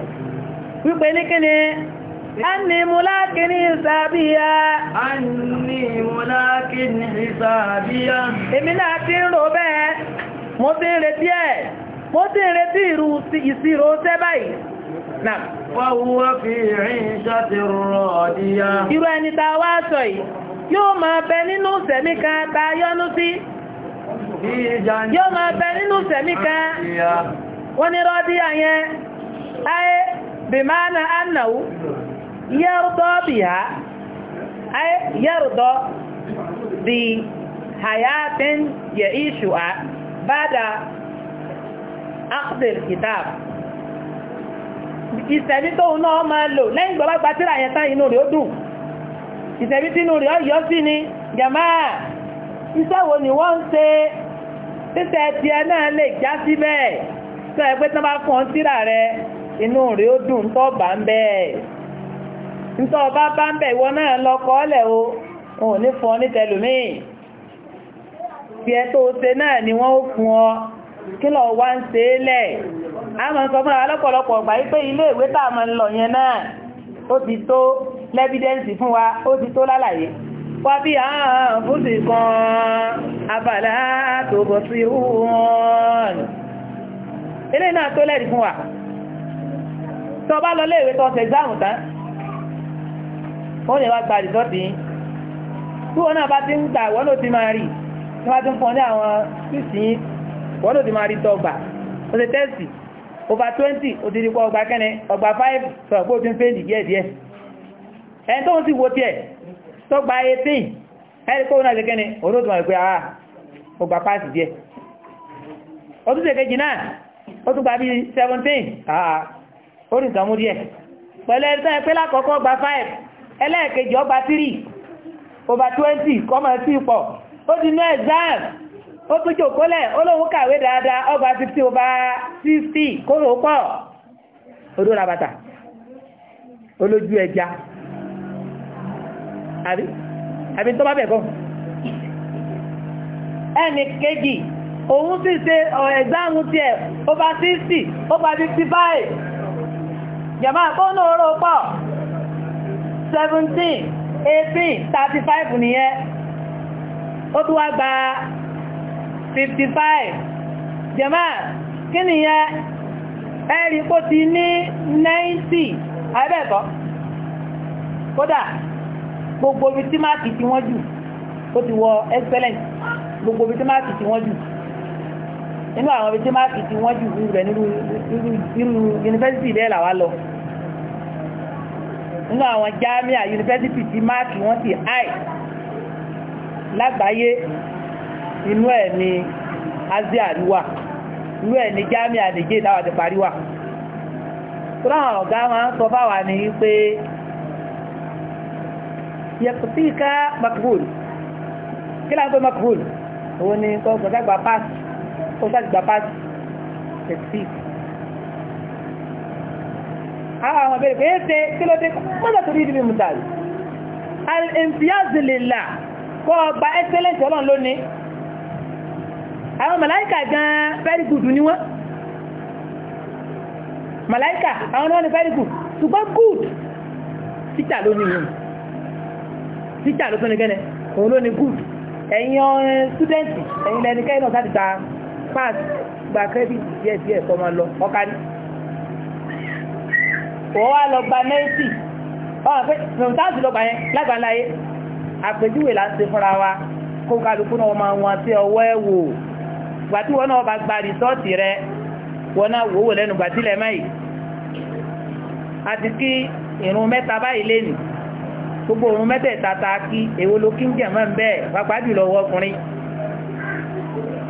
wípé ní kí ni anni mulakin hisabiya anni mulakin hisabiya èmi náà ti ń rò bẹ́ẹ̀ mo ti ń retí ẹ̀ mo ti ń retí irú ìṣirò tẹ́ báyìí náà wáwúwá fi rìn ṣàtì rọ̀ ọ̀díyá ta wá sọ yìí yóò máa bẹ nínú sẹ̀mí kan ta yọ́nú sí yóò máa bẹ kan wọ́n ní rọ́díyà yẹn ayé bí máa na annáwó yẹ́rùdọ́ ha ayé yẹ́rùdọ́ bí hayatin ya isu a bada akhdil kitab ìsẹ̀bí tó náà máa lò lẹ́yìn gbọ́gbá gbatíra yẹn tán inú rẹ̀ ó dùn ìsẹ̀bí tí inú rẹ̀ ó yọ́ sí ni jamaa iṣẹ́ wo ni wọ́n ń ṣe títẹ̀ tí ẹ náà lè já sí bẹ́ẹ̀ tó ẹgbẹ́ tí wọ́n bá rẹ inú rí ó dùn tó bá ń bẹ́ẹ̀ ntọ́ bá ń bẹ̀ ìwọ náà lọ o òun ní fún ní tẹlùmíì bí náà ni wọ́n ó fún ọ kí lọ wá ń ṣe é lẹ̀ a máa sọ fún alọ́pọ̀lọpọ̀ ọgbà wípé ilé ìwé tá a ti tó lẹ́bídẹ́ǹsì fún wa ó ti tó lálàyé wá bí àwọn kan abàlá tó bọ̀ sí ilé náà tó lẹ́rìí fún wa tó bá lọ léèwé tó ṣe exam tán ó lè wá gba rìsọ́ọ̀tì yìí tí wọn náà bá ti ń gbà wọ́n ló ti máa rí tí wọ́n ti ń fún ọ ní àwọn fíìsì wọ́n ló ti máa rí tọgbà ó ṣe tẹ́sì over 20 ó ti di pọ̀ ọgbà kẹ́ni ọgbà five sọ̀rọ̀ pé ó ti ń fẹ́ẹ̀lì díẹ̀díẹ̀ ẹni tó ń sì wo tiẹ̀ tọgbà eighteen ẹni kó náà ṣe kẹ́ni òun ti máa rí pé ọgbà ah, díẹ̀ kejì náà ó tún gba bí 17 àà ah, ó rìn tán mú díẹ̀ pẹ̀lú ẹ̀rí tán ẹ̀pẹ́ lákọ̀ọ́kọ́ gba 5 ẹlẹ́ẹ̀kejì ọba 3 ọba 20 kọ́mọ̀ sí pọ̀ ó ti ná exam ó tún jòkólẹ̀ olóhun kàwé dáadáa ọba 50 ọba 60 kóró pọ̀ odó ra bàtà olójú ẹja àbí àbí tó bá bẹ̀ kọ́ ẹnì kejì òun sì ṣe ẹ̀gbáhun ti ẹ̀ ó bá 60 ó bá 55 jẹ̀má fóònù oró pọ̀ 17 18 35 nìyẹn ó tún wá gba 55 jẹ̀má kí nìyẹn ẹ̀rí kó ti ní 90 àìbẹ̀ẹ̀kọ́ kódà gbogbo ibi tí máàkì tí wọ́n jù ó ti wọ excellent gbogbo ibi tí máàkì tí wọ́n jù nínú àwọn ibi tí máàkì tí wọ́n jù rẹ̀ nínú yunifásitì bẹ́ẹ̀ làwá lọ nínú àwọn jámíà yunifásitì tí máàkì wọ́n ti high lágbàáyé inú ẹ̀ ni Asia àríwá inú ẹ̀ ni jámíà nìjẹ́ ìdáwà ti parí wà tó láwọn ọ̀gá wọn sọ fáwà ní pé yẹ̀kùtì ká makbul kí láwọn pé makbul òun ni kọ́ gbọ́dá gba páàsì kó sáà gbà bá tẹ̀sí àwọn àwọn abẹ́rẹ̀ pé ṣe kí ló dé mọ́nà torí ìdíbi mùtàrí al-imtiyazilila kọ́ ọba excellence ọlọ́run lónìí àwọn màláìkà gan very good ni wọ́n màláìkà àwọn náà ni very good ṣùgbọ́n good títà ló ní yìí títà ló tó ní gẹ́nẹ̀ òun ló ní good ẹ̀yin eh, student ẹ̀yin lẹ́nikẹ́ náà sáti ta pass gba kírẹ́dìtì díẹ̀ díẹ̀ kọ́ máa lọ ọ̀ka ní. wọ́n wá lọ gba mẹ́tì ọ̀hún pé mẹ́tàǹtì lọ́gbà yẹn lágbàláyé àpèjúwe là ń ṣe fúnra wa kó kálukú náà máa wọn sí ọwọ́ ẹ̀ wò gbà tí wọn náà bá gba rìsọ́ọ̀tì rẹ wọn náà wò wò lẹ́nu gbàtílẹ̀ máyì àti kí ìrun mẹ́ta báyìí lé nì gbogbo ìrun mẹ́tẹ̀ẹ̀ta ta kí èwo ló kí ń jẹ̀ mọ́ ń bẹ́ẹ̀ pàápàá jùlọ ọkùnrin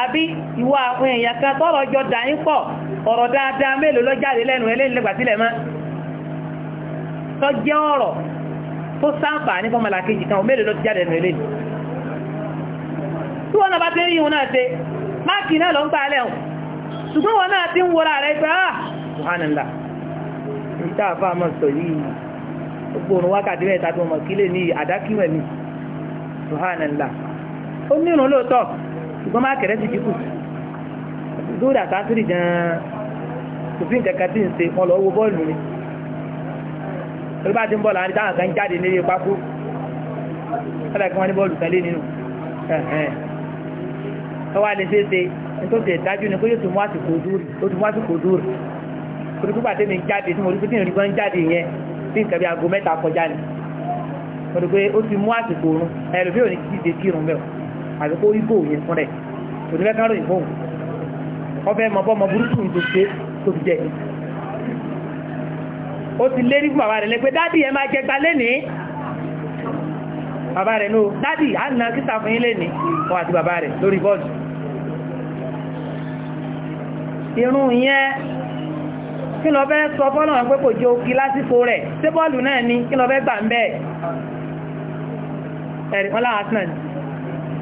àbí ìwà àwọn èèyàn kan tọ́rọ jọ dàyín pọ̀ ọ̀rọ̀ dáadáa mélòó ló jáde lẹ́nu ẹlẹ́nilẹ́gbàtílẹ̀ mọ́ tó jẹ́ ọ̀rọ̀ tó sáǹfà ní fọ́mọ̀lá kejì kan mélòó ló jáde lẹ́nu ẹlẹ́ni tí wọ́n náà bá tẹ́ rí ìhun náà tẹ́ máàkì náà lọ ń gbà lẹ́hùn ṣùgbọ́n wọn náà ti ń wọ́ra rẹ̀ pé ah Subhanallah ìta àfá àmọ́ sọ yìí gbogbo òun wákàtí mẹ́ta tó mọ̀ kílè ní àdákíwẹ̀ mi Subhanallah ó nírun lóòótọ́ ṣùgbọ́n má kẹ̀rẹ́ sì dínkù lórí àtàtúrì gan-an kò sí nǹkan kan tí ń ṣe wọn lọ wo bọ́ọ̀lù ni torí bá ti ń bọ́ọ̀lù àwọn ìdáhùn kan jáde ní ilé pákó ọ̀dà kí wọ́n ní bọ́ọ̀lù tẹ́lẹ̀ nínú ọwọ́ alẹ́ ṣe é ṣe nítorí ìdájú ni pé yóò ti mú àsìkò dúró ó ti mú àsìkò dúró torí pípa tẹ́mi jáde tí mo rí pé tí ìrìn gan bí nǹkan ti mú àsìkò oorun àbí kó igbó yẹn fún rẹ̀ kò ní lẹ́kàrọ̀ ìfóhùn ọbẹ̀ mọ̀bọ́ mọ̀ burúkú tó ṣe tó fi jẹ́ ó ti lé nígbà bàbá rẹ̀ lẹ́pẹ́ dádì ẹ máa jẹgba lénìí bàbá rẹ̀ náà dádì á nà kíta fún yín lénìí wọ́n àti bàbá rẹ̀ lórí bọ́ọ̀lù irun yẹn kí lọ fẹ́ sọ fọ́nà pé kò jẹ òkì lásìkò rẹ̀ tí bọ́ọ̀lù náà ni kí lọ fẹ́ gbà ń bẹ́ẹ̀ ẹ̀rì wọ́n láàá náà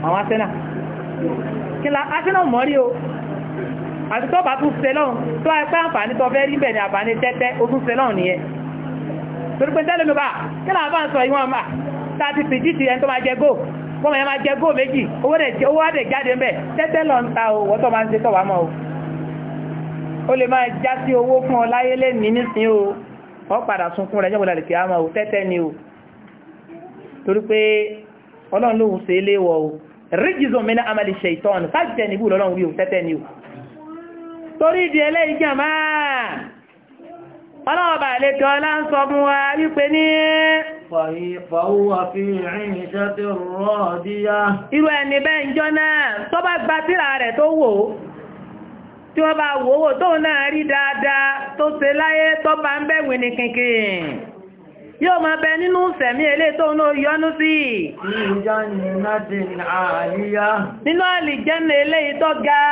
àwọn asẹ́nà kíla asẹ́nà mọ́ rí o àti tó bá tún sẹ́lọ́n tó ẹgbẹ́ àǹfààní tó fẹ́ rí bẹ̀ ní àǹfààní tẹ́tẹ́ ó tún sẹ́lọ́n nìyẹn torí pé tẹ́lẹ̀ lóba kíla àbá ń sọ ìwọ̀n mà tá a ti fìdí ti ẹni tó máa jẹ góò wọ́n máa jẹ góò méjì owó rẹ̀ jáde mbẹ̀ tẹ́tẹ́ lọ ń ta o wọ́n tó máa ń ṣe tọ̀wá mọ́ o ó lè máa já sí owó fún ọ láyé lé ní nísìn o wọ́n padà sunkún rẹ̀ jẹ́gbọ́n lálẹ́ kìí àmà o tẹ́tẹ́ ni o torí pé ọlọ́run lóhun ṣe é léwọ̀ o rígìzò mi ní amàlì ṣèitọ́nù sájẹ́ níbú lọ́lọ́run wí òtẹ́tẹ́ ni o torí ìdí ẹlẹ́yìn jàmá ọlọ́ọ̀bà àlejò ọlá ń sọ fún wa wípé ní fàwọ́ fi rìn iṣẹ́ tí rọ́ díyá irú ẹni bẹ́ẹ̀ ń jọ náà tó bá gba tírà rẹ̀ tó wò tí wọ́n bá wòwò tóun náà rí dáadáa tó ṣe láyé tó bá ń bẹ̀wìn ní kìnkìn yóò máa bẹ nínú sẹ̀mí elé tó ń yọnú sí nínú àlìjẹ́nà elé tó ga